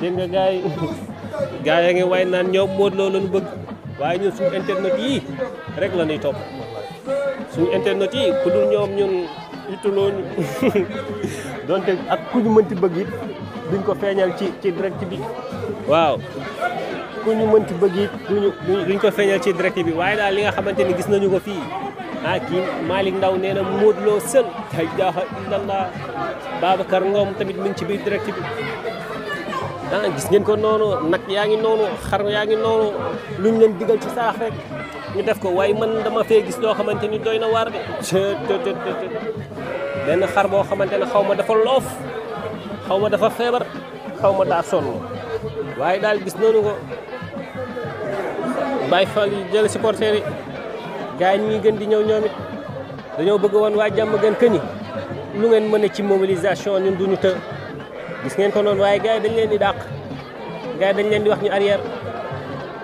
dégg nga gars yi yaa ngi way naan ñoom Modou loo lañu bëgg waaye ñun suñu internet yi rek la ñuy topp internet yi ku dul ñoom ñun itulooñu donte ak ku ñu mënti bëgg it duñ ko feeñal ci ci direct bi waaw ku ñu mënti bëgg it duñu ko feeñal ci direct bi waaye daal li nga xamante ni gis nañu ko fii ah kii Malick Ndaw nee na Modou Lo sël tay jaaxa illallah Babacar Ngom tamit mu ngi ci biir direct bi ah gis ngeen ko noonu nag yaa ngi noonu xar yaa ngi noonu luñ leen digal ci saax rek ñu def ko waaye man dama fee gis loo xamante ni doy na waar de benn xar boo xamante ne xaw ma dafa loof xaw ma dafa feebar xaw ma daa sonn waaye daal gis noonu ko Baye Fall yi jël supporters yi gars yi ñuy gën di ñëw ñoom it dañoo bëgg woon waa jàmm gën këñi lu ngeen mën a ci mobilisation ñun duñu të gis ngeen ko noonu waaye gars dañ leen di dàq gars yi dañ leen di wax ñu arrière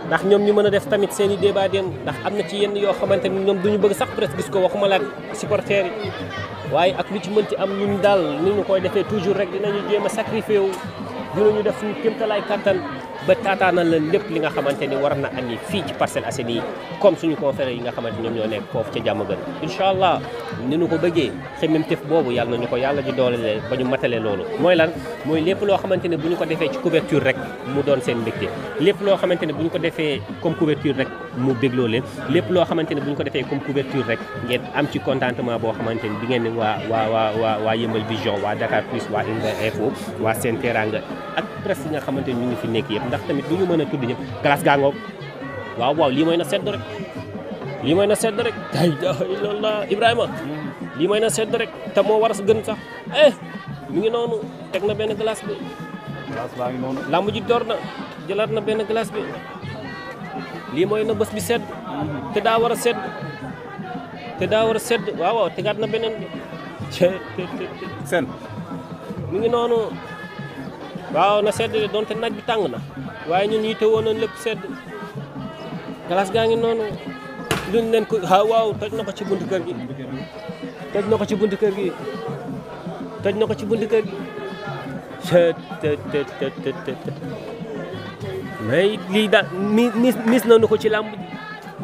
ndax ñoom ñu mën a def tamit seen i débat dem ndax am na ci yenn yoo xamante ni ñoom ñu bëgg sax presque gis ko waxuma laak supporter yi waaye ak lu ci mënti am ñu ñu daal ni ñu koy defee toujours rek dinañu jéem a sacrifié wu ñu def suñu kéemtalaay kattan ba taataanal la lépp li nga xamante ni war na am yi fii ci Parcelles Assainies yi comme suñu confrères yi nga xamante ñoom ñoo nekk foofu ca jàmm gën incha allah ni ñu ko bëggee xemem tëf boobu yàlla ñu ko yàlla ji doolele ba ñu matale loolu mooy lan mooy lépp loo xamante ne bu ñu ko defee ci couverture rek mu doon seen mbégte lépp loo xamante ne bu ñu ko defee comme couverture rek mu bégloo leen lépp loo xamante ne bu ñu ko defee comme couverture rek ngeen am ci contentement boo xamante ni bi ngeen ne waa waa waa waa waa Yeumbeul Vision waa Dakar waa Info waa Sen Teranga ak ni ñu ngi fi nekk yëpp ndax tamit du ñu mën a tudd ñëpp glace gaa ngoog waaw waaw lii mooy na sedd rek lii mooy na sedd rek ay loolu la na sedd rek te moo war a gën sax eh mi ngi noonu teg na benn glace bi glace baa ji door na jëlaat na benn glace bi lii mooy na bés bi sedd te daa war a sedd te daa war a sedd waaw waaw tegaat na beneen bi seen mi ngi noonu waaw na sedd de donte nag bi tàng na waaye ñun yitte woon nañ lépp sedd glace gaa ngi noonu luñ leen ko ah waaw toj na ko ci buntu kër gi toj na ko ci buntu kër gi toj na ko ci buntu kër gi mais lii daal mi mis nañu ko ci làmb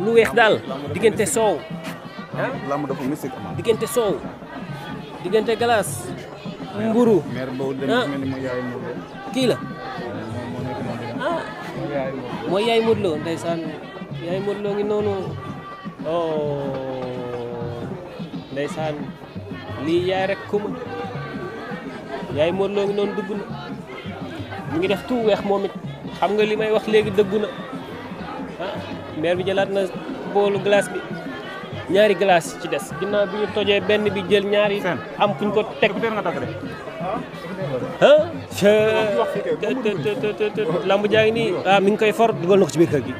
lu weex daal diggante soow ah làmb dafa mystique diggante soow diggante glace mburu ah kii la ah mooy yaay Modou Lo ndeysaan yaay Modou ngi noonu oh ndeysaan lii yaay rek ko yaay Modou ngi noonu dugg na mu ngi def tout weex moom it xam nga li may wax léegi dëggu na ah bi jëlaat na boolu glace bi ñaari glace ci des ginnaaw bi ñu tojee benn bi jël ñaari. am fuñ ko teg ah. lamb jaa ngi nii ah mi ngi koy for dugal na ko ci biir kër gi.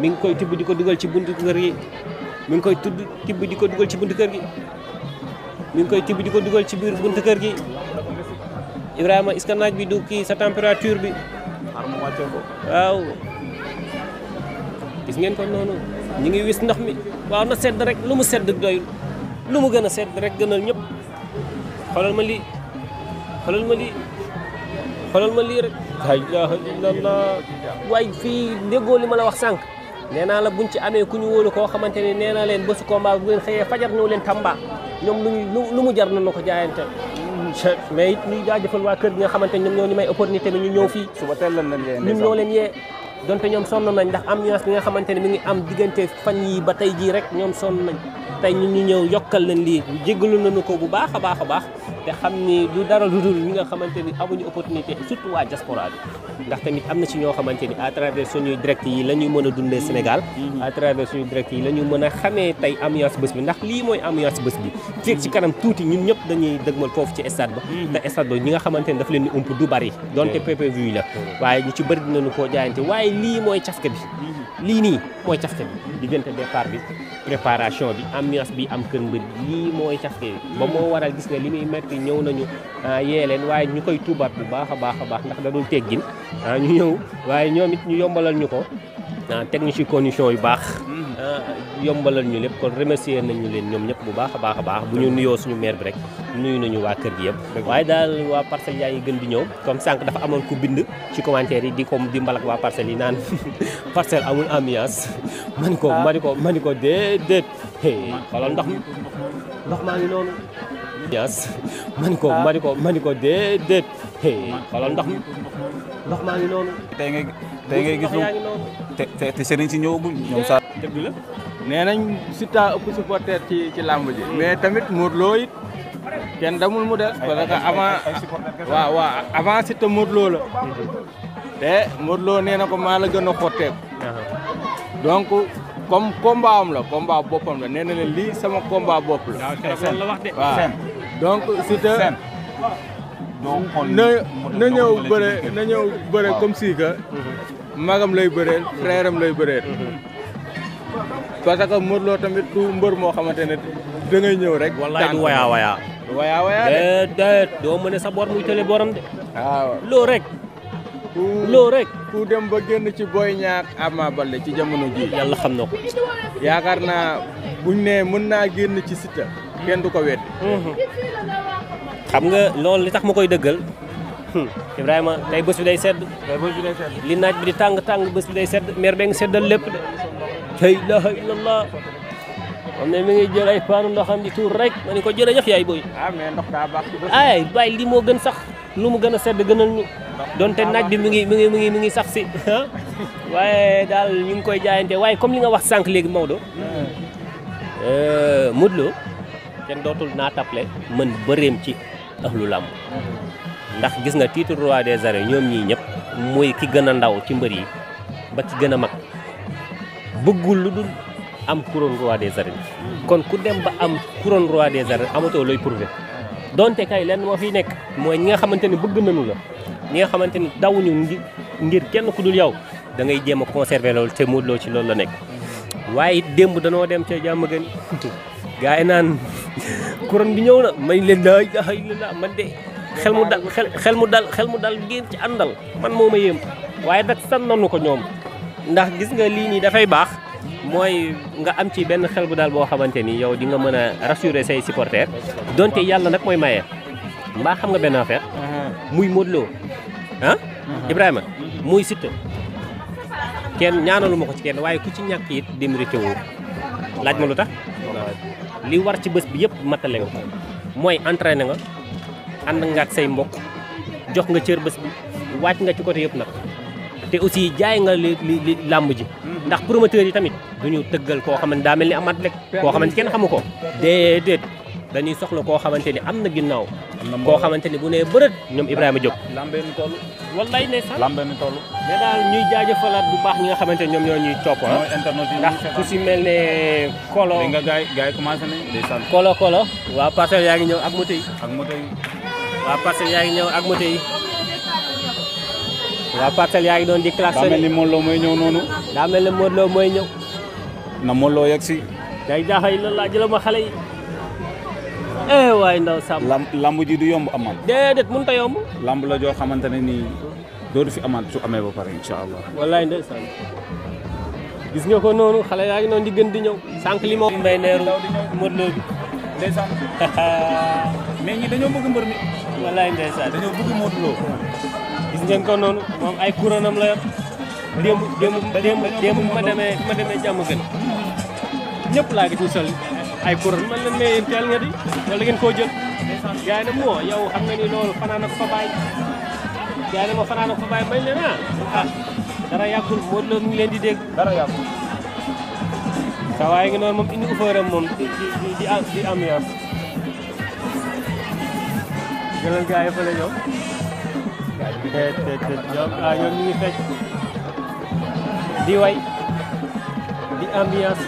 mi ngi koy tibb di ko dugal ci bunt kër gi mi ngi koy tudd tibb di ko dugal ci buntu kër gi. mi ngi koy tibb di ci biir buntu kër gi Ibrahima naaj bi du ki sa température bi. waaw. gis ko noonu. ñu ngi wis ndox mi waaw na sedd rek lu mu sedd doy lu mu gën a sedd rek gënal ñëpp xoolal ma lii xoolal ma lii xoolal ma lii rek laa ilaaha illallah waaye fii déggoo li ma la wax sànq nee naa la buñ ci amee ku ñu wóolu koo xamante ne nee naa leen bésu combat bu leen xëyee fajar leen Tamba ñoom lu ñu lu mu jar nañu ko jaayante mais it ñuy jaajëfal waa kër gi xamante ne ñoom ñoo ñu may opportunité bi ñu ñëw fii. suba teel lan leen yee ñun yee. donte ñoom sonn nañ ndax am ambiance bi nga xamante ne mu ngi am diggante fan yi ba tey jii rek ñoom sonn nañ tey ñu ñu ñëw yokkal leen lii jéggalu nañu ko bu baax a baax a baax te xam ni du dara lu ñi nga xamante ni amuñu opportunité surtout waa diaspora bi ndax tamit am na ci ñoo xamante ni à travers suñuy yi la mën a dundee Sénégal mhm. à travers suñuy direct yi la ñu mën a xamee tey ambiance bés bi ndax lii mooy ambiance bés bi feeg ci kanam tuuti ñun ñëpp dañuy dëgmal foofu ci stade ba mhm. te stade ba ñi nga xamante ni daf leen di ump du bari donte PPV yi la waaye ñu ci bëri dinañu koo jaayante waaye lii mooy cafka bi mhm. lii nii mooy cafka bi diggante départ bi préparation bi ambiance bi am kër ba moo li yi ñëw nañu ah, yee leen waaye ñu koy tuubaat bu baax a baax a baax ndax da dul teggin ah, ñu ñëw waaye ñoom it ñu yombalal ñu ko ah, teg ñu ci condition yu baax yombalal ñu lépp kon remercier nañu leen ñoom ñëpp bu baax a baax a baax bu ñu nuyoo suñu maire bi rek nuyu nañu waa kër gi yëpp waaye daal waa parcelles yaa ngi gën di ñëw comme sànq dafa amoon ku bind ci commentaire yi di ko di mbalak waa parcelles yi naan parcelle amul ambiance man ko mani ko mani ko déedéet xoolal ndox mi ndox maa ngi noonu yes ah. mani ko mani ko mani ko déedéet xoolal ndox mi ndox maa ngi ngay gis te te sëriñ si ñëwagul ñoom sa dëgg la nee nañ Siteu ëpp ci ci làmb ji mais tamit Modou Lo it kenn damul mu des parce que avant waaw waaw avant te Modou Lo nee na ko maa la gën a xotteeku uh-huh. donc comme combat am la combat boppam la nee na leen sama combat bopp la waaw donc Siteu na na ñëw bëre na ñëw bëre comme si que magam lay bëreel frère lay bëreel parce que tamit du mbër moo xamante ne da ngay ñëw rek wallaay du wayaa wayaa wayaa wayaa déedéet doo mën a sa bor muy tële boram de loo rek loo rek ku dem ba génn ci Boy Niang Ama Baldé ci jamono ji yàlla xam na ko yaakaar naa buñ ne mën naa génn ci Siteu kenn du ko weddi xam nga loolu li tax ma koy dëggal hmm. Ibrahima tey bës bi day sedd li naaj bi di tàng tàng bés bi day sedd mer bee ngi seddal lépp de la ilaha illallah moom ne mi ngi jël ay paanu ndoxam di tuur rek ma ni ko jërëjëf yaay booy ah, ay bay li moo gën sax lu mu gën a sedd gënal ñu donte naaj bi mi ngi mi ngi mi ngi mi ngi sax si waaye daal ñu ngi koy jaayante waaye comme li nga wax sànq léegi Maodo hmm. euh, Modou Lo kenn dootul naa taple mën bëreem ci ahlu làmb ndax gis nga titre roi des arènes ñoom ñii ñëpp muy ki gën a ndaw ci mbër yi ba ci gën a mag bëggul lu dul am couronne roi des arènes kon ku dem ba am couronne roi de arènes amatoo looy prouver donte kay lenn moo fiy nekk mooy ñi nga xamante ni bëgg nañu la ñi nga xamante ni dawuñu ngir kenn ku dul yow da ngay jéem a conserver loolu te Modou Lo ci loolu la nekk waaye démb danoo dem ca jàmm gën gaa naan couronne bi ñëw na may leen laa man de xel mu dal xel mu dal xel mu dal ngeen ci àndal man moo ma yéem waaye nag san nanu ko ñoom ndax gis nga lii nii dafay baax mooy nga am ci benn xel bu daal boo xamante ni yow di nga mën a rassurer say supporters donte yàlla nag mooy maye mbaa xam nga benn affaire uh-huh. muy Modou Lo ah Ibrahima muy Siteu kenn ñaanalu ma ko ci kenn waaye ku ci ñàkk it dem rétéo laaj ma lu tax li war ci bés bi yëpp matale nga mooy entraîné nga ànd nga ak say mbokk jox nga cër bés bi wàcc nga ci côté yëpp nag te aussi jaay nga li li làmb ji ndax promoteurs yi tamit ñu tëggal koo xam ne daa mel ni amaat rek koo xam ne kenn xamu ko déedéet dañuy soxla koo xamante ni am na ginnaaw. koo xamante ni bu nee bërët ñoom Ibrahima Diop. lambee ni toll. wallaay ne sax lambee ni toll. mais daal ñuy jaajëfalaat bu baax ñi nga xamante ni ñoom ñoo ñuy topp ah. ndax ku si mel ne. Kolo dégg nga gars yi gars yi commencé nañ day sant. Kolo Kolo. waa parcelle yaa ngi ñëw ak moto yi. ak moto yi. waa parcelle yaa ngi ñëw ak moto yi. waa parcelle yaa ngi doon di classé. daa mel ni Modou Lo mooy ñëw noonu. daa mel ni Modou Lo mooy ñëw. na Modou Lo yegg si. day jaaxal la laaj la ma xale yi eh waay ndaw Samb. lamb lamb ji du yomb amaat. déedéet mënut a yomb. lamb la joo xamante ne nii dootu fi amaat su amee ba pare incha allah. wallaay ndeysaan gis nga ko noonu xale yaa ngi noonu di gën di ñëw. sànq li moo mbay neeru Modou Lo bi. ndeysaan dañoo bëgg mbër mi. wallaay ndeysaan dañoo bëgg Modou Lo. gis ngeen ko noonu moom ay couronam la yor. démb démb ma demee ma demee jàmm gën ñëpp laa gis ñu ay kuréel man leen mais yéen teel nga di wala ngeen koo jël gars yi ne moo yow xam nga ni loolu fanaan ak fa ma fanaan ak fa bàyyi may leen ah, ah dara yàggul moo loolu ñu leen di dégg dara yàggul sa waaye ngi moom indi ufëram moom di di di ambiance jëlal ñoom te ah, di way di ambiance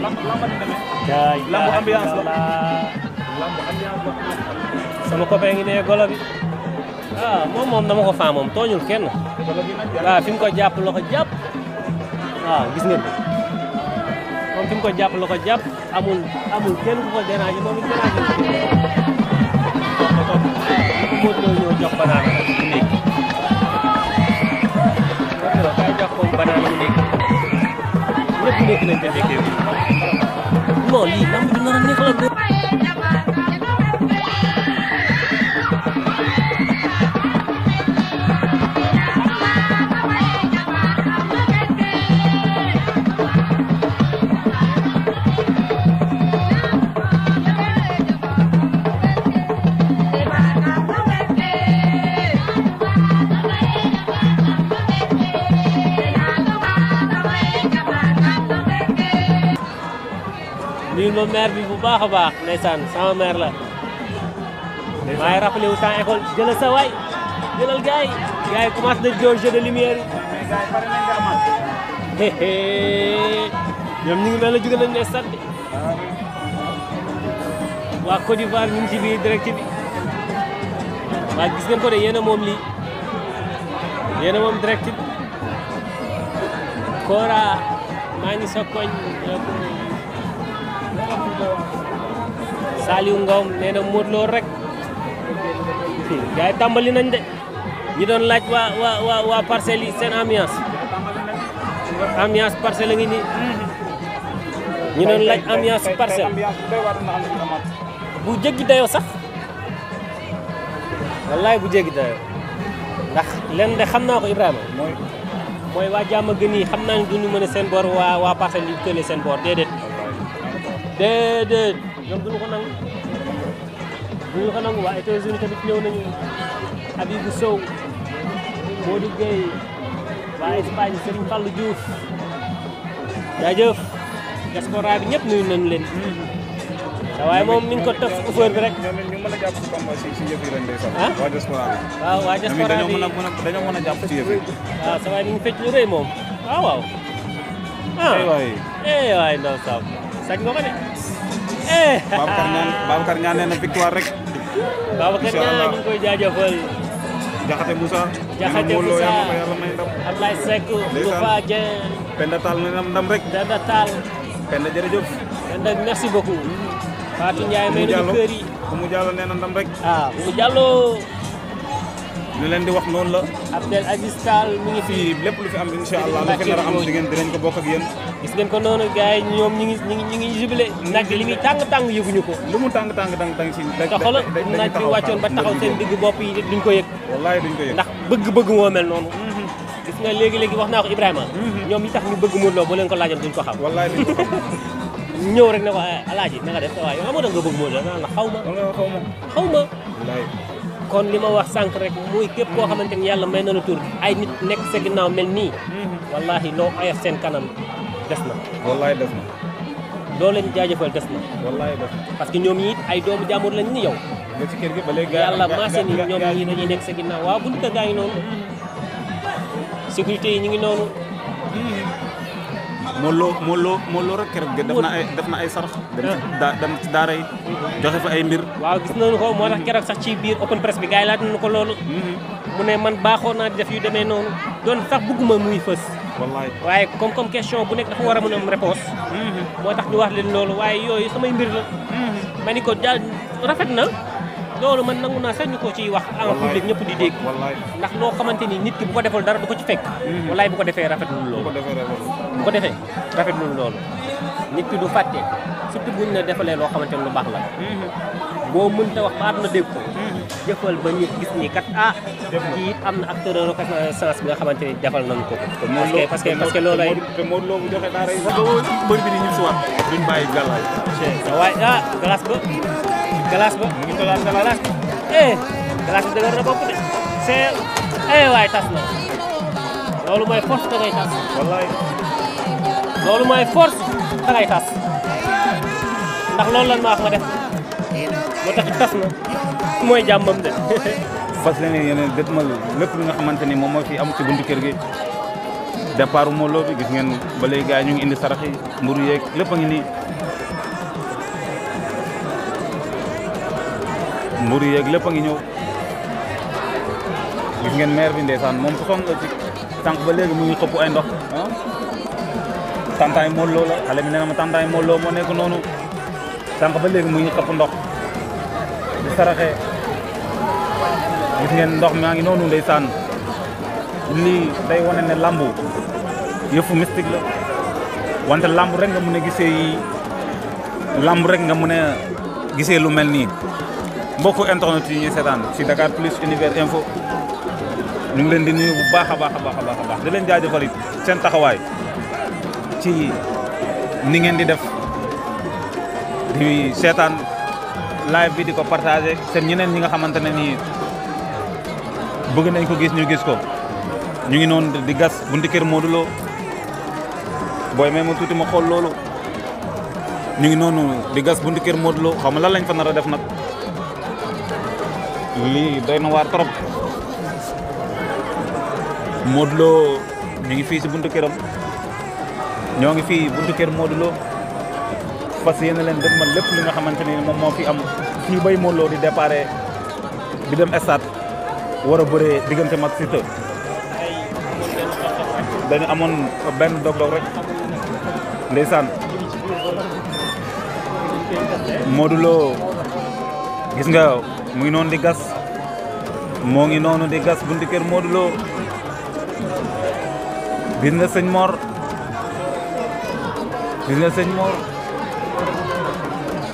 lamb ambiance la lamb ambiance la sama copain ngi nee golo bi waaw moom moom dama ko faa moom tooñul kenn waaw fi mu ko jàpp la ko jàpp waaw gis ngeen moom fi mu ko jàpp la ko jàpp amul amul kenn ku ko dérange moom it dérange ko toog ñëw jox banaana mu nekk kay jox ko banaana mu nekk lépp nekk nañ ko nekkee non lii lamb bi nar a neex la ma mère bi bu baax a baax ndeysaan sama mère la. ndeysaan maay rappelé wu temps école jëlal sa waay jëlal gars yi. gars yi commencé de lumière yi. mais ñoom ñu ngi mel ne jóge nañ ne sànni. waa Côte d'Ivoire ñu ngi ci biir direct bi. gis ngeen ko de yéen a moom lii yéen moom direct bi. Kora maa ngi sa Saliou Ngom nee na Modou Lo rek gars tàmbali nañ de ñi doon laaj waa waa waa waa parcelles yi seen ambiance ambiance parcelle a ngi ñi doon laaj ambiance parcelle bu jéggi dayoo sax wallaay bu jéggi dayoo ndax leen de xam naa ko Ibrahima mooy waa jàmm gën yi xam naa ne duñu mën seen boor waa waa parcelle yi seen boor déedéet déedéet ñoom duñu ko nangu duñu ko nangu waa États-Unis tamit ñëw nañu Habibou Sow Modou Gueye waa Espagne Serigne Fallou Diouf jaajëf diaspora bi ñëpp nuyu nañu leen waaye moom mi ngi ko tëf offeur bi rek a ah? ah, a a jàpp ci yëf yi ah, sa waay ngi fecc lu rëy moom waaw waaw ah waay eh waay ndaw Eh. Babacar Niang Babacar na victoire rek. incha allah Babacar Niang ñu ngi koy jaajëfal. Jaxate Moussa. Jaxate Moussa Ablaye Seck. Moussa Dieng. Penda Tall nee na ndam rek. Penda Tall. Penda jërëjëf. Penda merci beaucoup. Fatou Ndiaye may nañu kër yi. Oumou Diallo nee na ndam rek. ah Oumou li leen di wax noonu la. Abdel Aziz Tall mi ngi fi lépp lu fi am incha allah lu fi nar a am di ngeen dinañ ko bokk ak yéen. gis ngeen ko noonu gars yi ñoom ñu ngi ñu nag li muy tàng yëguñu ko. lu mu tàng tàng tàng tàng si. day day taxaw naaj bi wàccoon ba taxaw seen digg bopp yi duñ ko yëg. ndax bëgg-bëgg moo mel noonu. Mhm. gis nga léegi-léegi wax na ko Ibrahima. Mhm. ñoom yi tax ñu bëgg Modou Lo boo leen ko laajoon duñ ko xam. wallaay rek ne ko eh, alaaji na nga def waaye yow amoo da nga bëgg Modou Lo kon li ma wax sànq rek muy képp koo xamante ni yàlla may na la tur ay nekk sa ginnaaw mel nii. Mm-hmm. wallahi loo oyof seen kanam des na. wallahi des na. loo leen jaajëfal des na. wallahi des parce que ñoom yi it ay doomu jàmbur lañ ni yow. ba ci kër gi ba léegi yàlla maase ni ñoom ñii nekk sa ginnaaw waaw buñu ko gaañ noonu mm-hmm. sécurité yi ñu ngi noonu. Mm-hmm. moo loo moo rek moo def na ay def na ay sarax. dem ci daa dem ci daara yi joxe fa ay mbir. waaw gis nañu ko moo tax keroog sax ci biir open press bi gars yi laaj nañu ko loolu. Mm-hmm. mu ne man baaxoo naa def yu demee noonu doon sax bëgguma muy fës. wallaay waaye comme comme question bu nekk dafa war a mën a am réponse. Mm-hmm. moo tax ñu wax leen loolu waaye yooyu samay mbir la. Mm-hmm. ma ni ko daal rafet na. loolu man nangu naa sax ñu ko ciy wax en public ñëpp di dégg ndax loo xamante ni nit ki bu ko defal dara du ko ci fekk mm-hmm. wallaay bu ko defee rafetlul loolu bu ko defee rafetlul loolu nit ki du fàtte surtout buñ la defalee loo xamante ne lu baax la mm-hmm. boo mënta wax ba àdduna dégg ko mm-hmm. jëfal ba ñu gis ni kat ah kii am na acteur reconnaissance bi nga xamante ni defal nañ ko parce que parce que loolu ay te moo loo bu joxe dara yi mbër bi ni waaye ah galaas ba glace ba mu ngi tolluwaat sama glace eh glace bi dëgër na bopp de c'est eh waay tas na loolu mooy force da ngay tas wallaay loolu mooy force da ngay tas ndax loolu lan ma wax ma def moo tax tas na mooy jàmmam de. fas yéene yeneen dëtmal lépp lu nga xamante ni moom moo fi am ci buntu kër gi départ Modou Lo bi gis ngeen ba léegi gars yi ñu ngi indi sarax yi mburu yeeg lépp a ngi nii. mburu yeeg lépp a ngi ñëw ngeen maire bi ndeysaan moom ku song ci tànk ba léegi mu ngi xëpp ay ndox ah tàntaay mooloo la xale bi nee na ma tàntaay mooloo moo nekk noonu sanq ba léegi mu ngi xëpp ndox di saraxee gis ngeen ndox maa ngi noonu ndeysaan lii day wane ne lambu yëfu mystique la wante lambu rek nga mën a gisee yi lambu rek nga mën a gisee lu mel nii mbokku internet yi ñuy seetaan si Dakar Plus Univers Info ñu ngi leen di nuyu bu baax a baax a baax a baax di leen jaajëfal it seen taxawaay ci ni ngeen di def di seetaan live bi di ko partagé seen ñeneen ñi nga xamante ne nii bëgg nañ ko gis ñu gis ko ñu ngi noonu di gas bunti kër Modou Lo booy may ma tuuti ma xool loolu ñu ngi noonu di gas bunti kër Modou Lo xam nga lan lañ fa nar def nag. lii doy na waar trop Modou Lo ngi fii si buntu këram ñoo ngi fi buntu kër Modou Lo fas yéene leen ma lépp li nga xamante ni moom moo fi am fii bay Modou di déparé di dem stade war a bëree diggante mag Siteu dañu amoon benn dog-dog rek ndeysaan Modou gis nga mu noonu di gas moo ngi noonu di gas bunti kër Modou Lo gis nga sëñ Mor gis nga sëñ Mor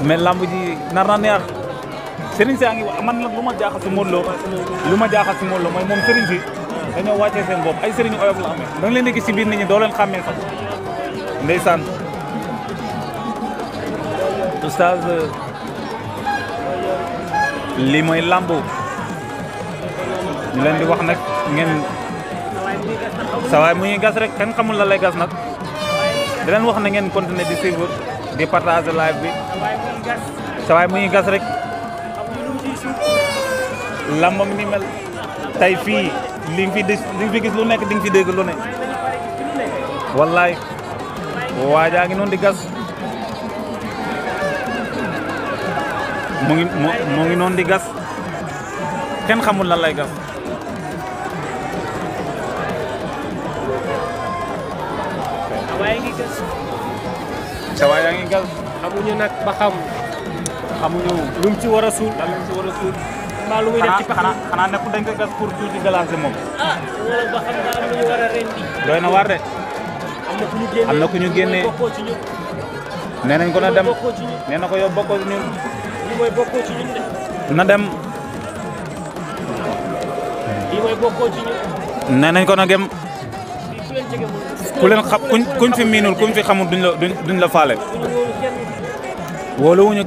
mais lamb ji nar na neex sëriñ si a ngi man nag lu ma jaaxal si Modou Lo lu ma jaaxal si Modou Lo mooy moom sëriñ si dañoo wàccee ay sëriñ oyof la amee da nga leen ñi doo leen xàmmee lii mooy làmb ñu leen di wax nag ngeen sa waay mu ngi gas rek kenn xamul la lay gas nag di leen wax na ngeen continuer di suivre di partager live bi sa waay mu ngi gas rek làmbam ni mel tey fii li nga fi di li fi gis lu nekk di nga dégg lu ne wallaay waajaa ngi noonu di gas mu ngi mu ngi noonu di gas kenn xamul lan lay gas waaye ngi gas cawaay yaa ngi gas xamuñu nag ba xam xamuñu lu mu ci war a suul lan lañ ci war a suul mbaa lu muy def ci pax xanaa xanaa nekkul dañ ko gas pour tuuti galancé moom ah wala ba xam daa am lu ñu war a rendi doy na waar de am na ku ñu génnee nee nañ ko na dem nee na ko yow bokkoo ci ñun mooy de. na dem. lii mooy bokkoo ci ko na gem. ku xam kuñ kuñ fi miinul kuñ fi xamul duñ la duñ la faale. wóoluwuñu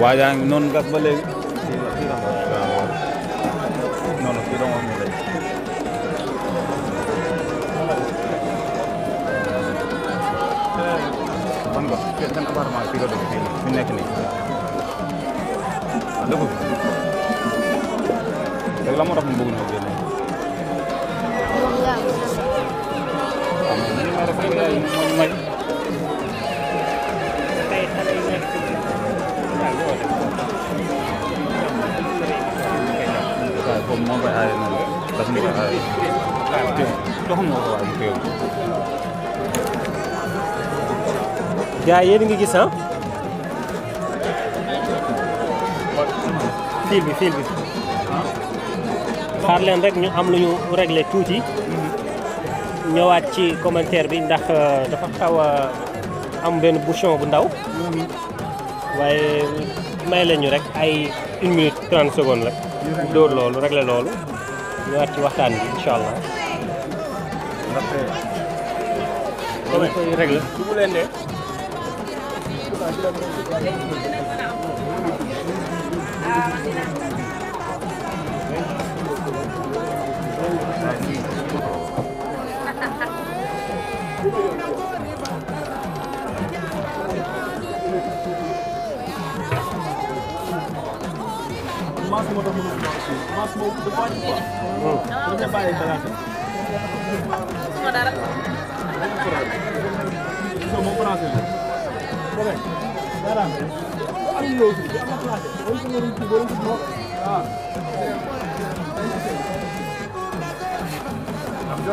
waajaa ngi noonu gas ba léegi noonu fii dong ñu lay ban nga seen appartement fii la dëkk fii fi nekk nii dëkk nag la moo tax mu bëgg ñoo génne. moom koy aaye noonu daf ñu koy aaye doxam nga ko waaye eh. téew gaa yéen ngi gis ah fiil bi fiil bi xaar leen rek ñu am lu ñu réglé tuuti ñëwaat ci commentaire bi ndax euh, dafa xaw a am benn bouchon bu ndaw waaye may la ñu rek ay une minute trente secondes la dóor loolu réglé loolu ñëwaat ci waxtaan bi incha allah masse moo tax mën a masse masse moo dafa wàññi quoi. dafa ca bàyyi balaata. ma dara. moom français. non moom français la. dégg nga maanaam. am na loolu am na français. wala su ma doon kii wala su ma. waaw. am na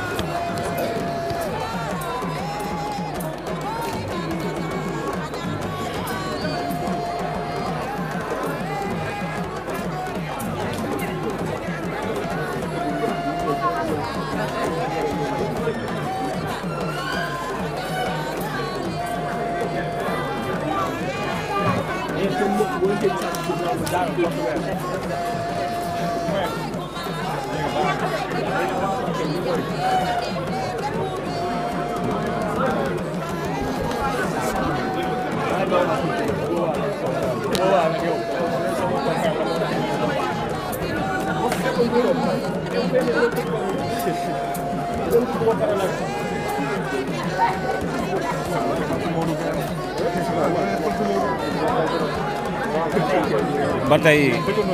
ba tey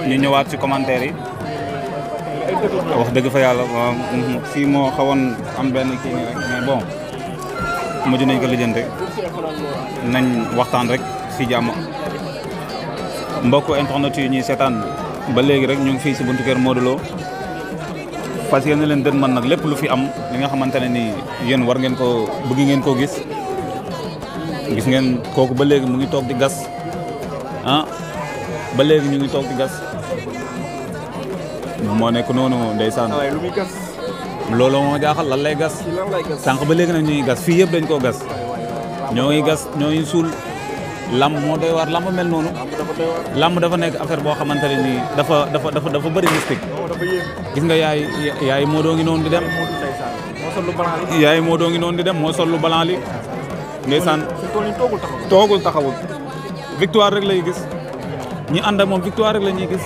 ñu ñëwaat ci commentaire yi wax dëgg fa yàlla waaw moo xawoon am benn kii nii rek mais bon mujj nañ ko waxtaan rek si jàmm mbokku internet yi ñuy seetaan ba léegi rek ñu ngi fii ci buntu kër Modou Lo yéen leen dën man nag lépp lu fi am li nga xamante ne nii yéen war ngeen koo bëgg ngeen koo gis gis ngeen kooku ba léegi mu ngi toog di gas ah, ba léegi ñu ngi toog di gas moo nekk noonu ndeysaan loolu moo jaaxal lan lay gas sànq ba léegi nag ñu ngi gas fii yëpp dañ koo gas ñoo ngi gas ñoo ngi suul lamb moo doy lam lamb mel noonu lamb dafa nekk affaire boo xamante ne nii dafa dafa dafa dafa bëri mystique oh, gis nga yaay yaay moo doo ngi noonu di dem yaay moo doo ngi noonu di dem moo sol lu balan li ndeysaan toogul taxawul victoire rek lay gis ñi ànd ak moom victoire rek la ñuy gis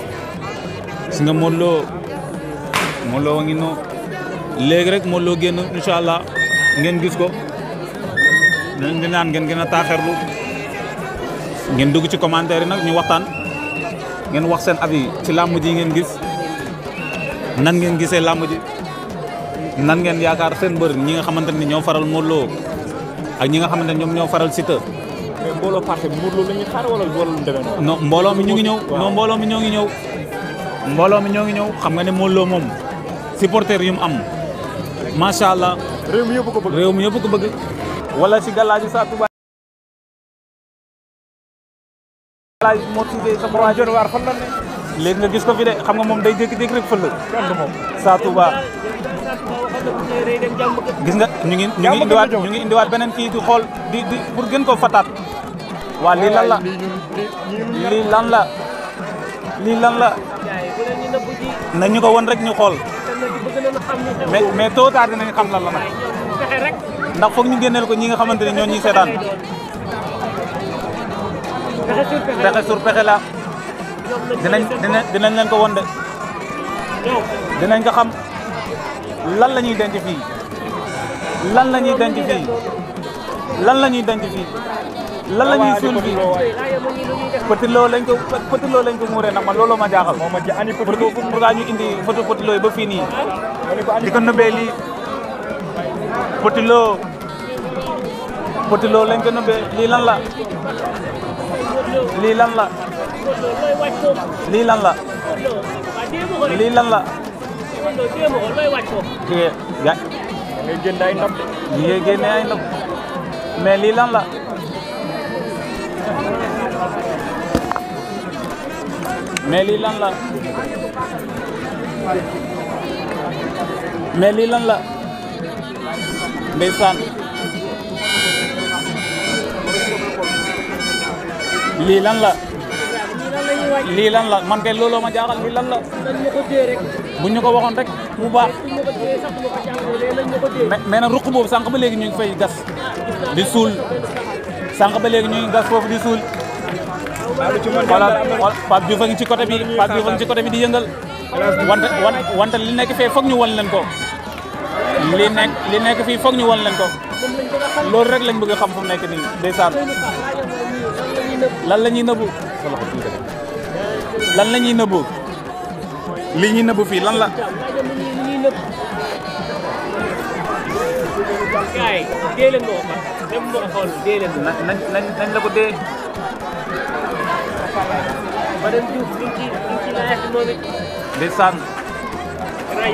si nga Modou Lo Modou Lo ngi noo léegi rek Modou Lo génn incha allah ngeen gis ko dinañ naan ngeen gën a taaxerlu ngeen dugg ci commentaire yi nag ñu waxtaan ngeen wax seen abi ci làmb ji ngeen gis nan ngeen gisee làmb ji nan ngeen yaakaar seen mbër ñi nga xamante ni ñoo faral Modou Lo ak ñi nga xamante ñoom ñoo faral Siteu mais mbooloo parti bi Modou Lo la ñuy xaar wala ñu ngi ñëw non mbooloo mi ñoo ngi ñëw. mbooloo mi ñoo ngi ñëw xam nga ne Modou Lo moom supporter yu mu am macha allah. réew mi ko réew mi yëpp ko bëgg. wala si galaaju saa Touba. galaaju moo tuddee sa waa léegi nga gis ko fi de xam nga moom day jékki-jékki rek fële. kenn moom saa Touba. gis nga ñu ngi ñu ngi indiwaat ñu ngi indiwaat beneen kii di xool di di pour gën koo fataat. waa lii lan la lii lan la la nañu ko won rek ñu xool mais mais tôt ou tard dinañ xam lan nag ndax foog ñu génneel ko ñi nga xamante ni ñoo ñuy seetaan pexe sur pexe la dinañ dinañ leen ko won de dinañ ko xam lan la ñuy denc fii lan la ñuy denc fii lan la ñuy denc fii lan la ñuy suul fii petit loo lañ ko petit loo lañ ko muuree nag man looloo ma jaaxal. moom ma ja ani i loo pour pour ñu indi photo ba fii nii. di ko nëbbee lii petit loo petit loo lii lan la lii lan la lii lan la lii lan la. jigéen yaa lii lan la. mais lii lan la mais lii lan la ndeysaan lii lan la lii lan la man kay looloo ma jaaxal lii lan la bu ñu ko waxoon rek bu baax mais nag ruq boobu sànq ba léegi ñu ngi fay gas di suul sànq ba léegi ñu ngi gas foofu di suul xoolal Pape a ngi ci côté bi Pape Diouf a ngi ci côté bi di yëngal wante wante li nekk fee foog ñu won leen ko li nekk li nekk fii foog ñu won ko loolu rek lañ bëgg a xam fu mu nekk nii ndeysaan lan la ñuy nëbbu lan la ñuy nëbbu li ñuy nëbbu fii lan la gaay madame Diouf mi ma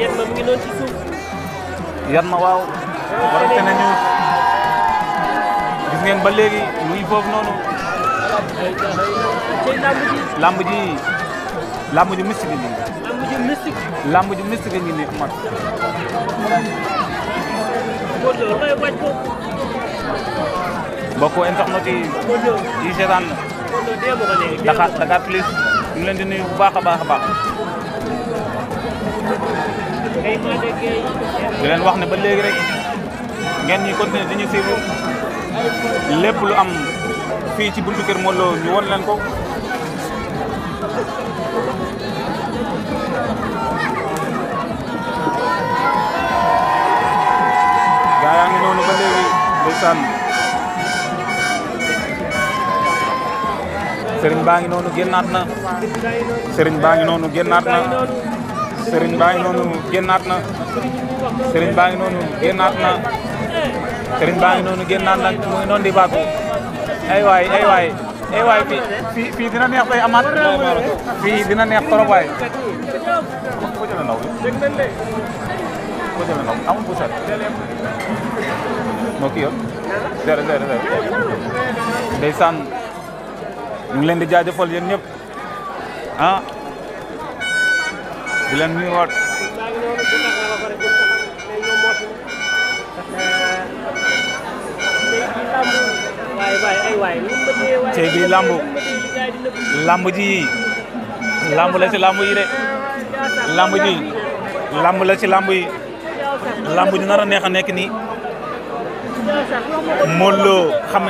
mu ngi noonu ci suuf. yan ma waaw. borom tene ñu ngi foofu noonu. tey làmb ji. làmb i làmb ji mystique ngi nii. làmb ji yi. seetaan Dakar Dakar plus ñu leen di nuyu bu baax baax a baax. di wax ne ba léegi rek ngeen ñuy continuer di ñu suivre lépp lu am fii ci buntu kër Modou Lo ñu won leen ko. gaa yaa ngi noonu ba léegi ndeysaan sëriñ baa ngi noonu génnaat na sëriñ baa ngi noonu génnaat na sëriñ baa ngi noonu génnaat na sëriñ baa ngi noonu génnaat na sëriñ baa ngi noonu génnaat na mu ngi noonu di bàkku ay waay ay waay ay waay fii fii dina neex bay amaat fii dina neex trop waay ko jële ndaw ko jële ndaw amul bu set moo kii yoon déedéet déedéet ndeysaan ñu ngi leen di jaajëfal yéen ñëpp ah di leen nuyuwaat tey bii lamb lamb ji lamb la ci lamb yi de ji lamb la ci lamb yi lamb ji nar neex a nekk nii Modou Lo xam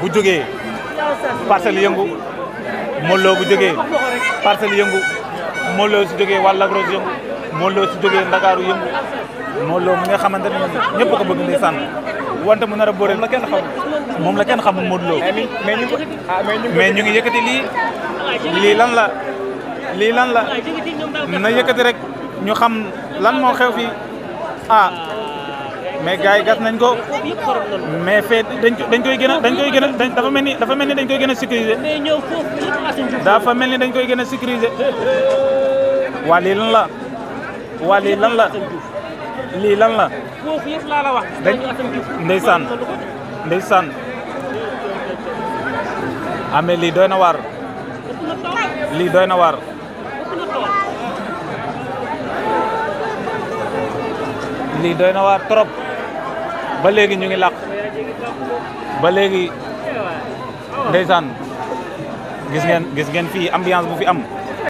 bu jógee parcelle yëngu Modou Lo bu jógee parcelle yëngu Modou Lo su jógee wàll Lac Rose yëngu Modou Lo su jógee Ndakaaru yëngu Modou Lo nga xamante ne ñëpp ko bëgg ndeysaan wante mu nar a boole la kenn xam moom la kenn xamul Modou Lo ah, mais ñu ngi yëkkati lii lii lan la lii lan la na yëkkati rek ñu xam lan moo xew fii ah mais gars gat gas nañ ko. mais fee dañ dañ koy gën a dañ koy gën a dafa mel ni dafa mel ni dañ koy gën a sécuriser. dafa mel ni dañ koy gën a sécuriser. waa lii lan la. waa lii lan la. lii lan la. foofu la wax. dañ ndeysaan ndeysaan. amee lii doy na waar. lii doy na waar. lii doy na waar trop. ba léegi ñu ngi làq ba léegi ndeysaan gis ngeen gis ngeen fii ambiance bu fi am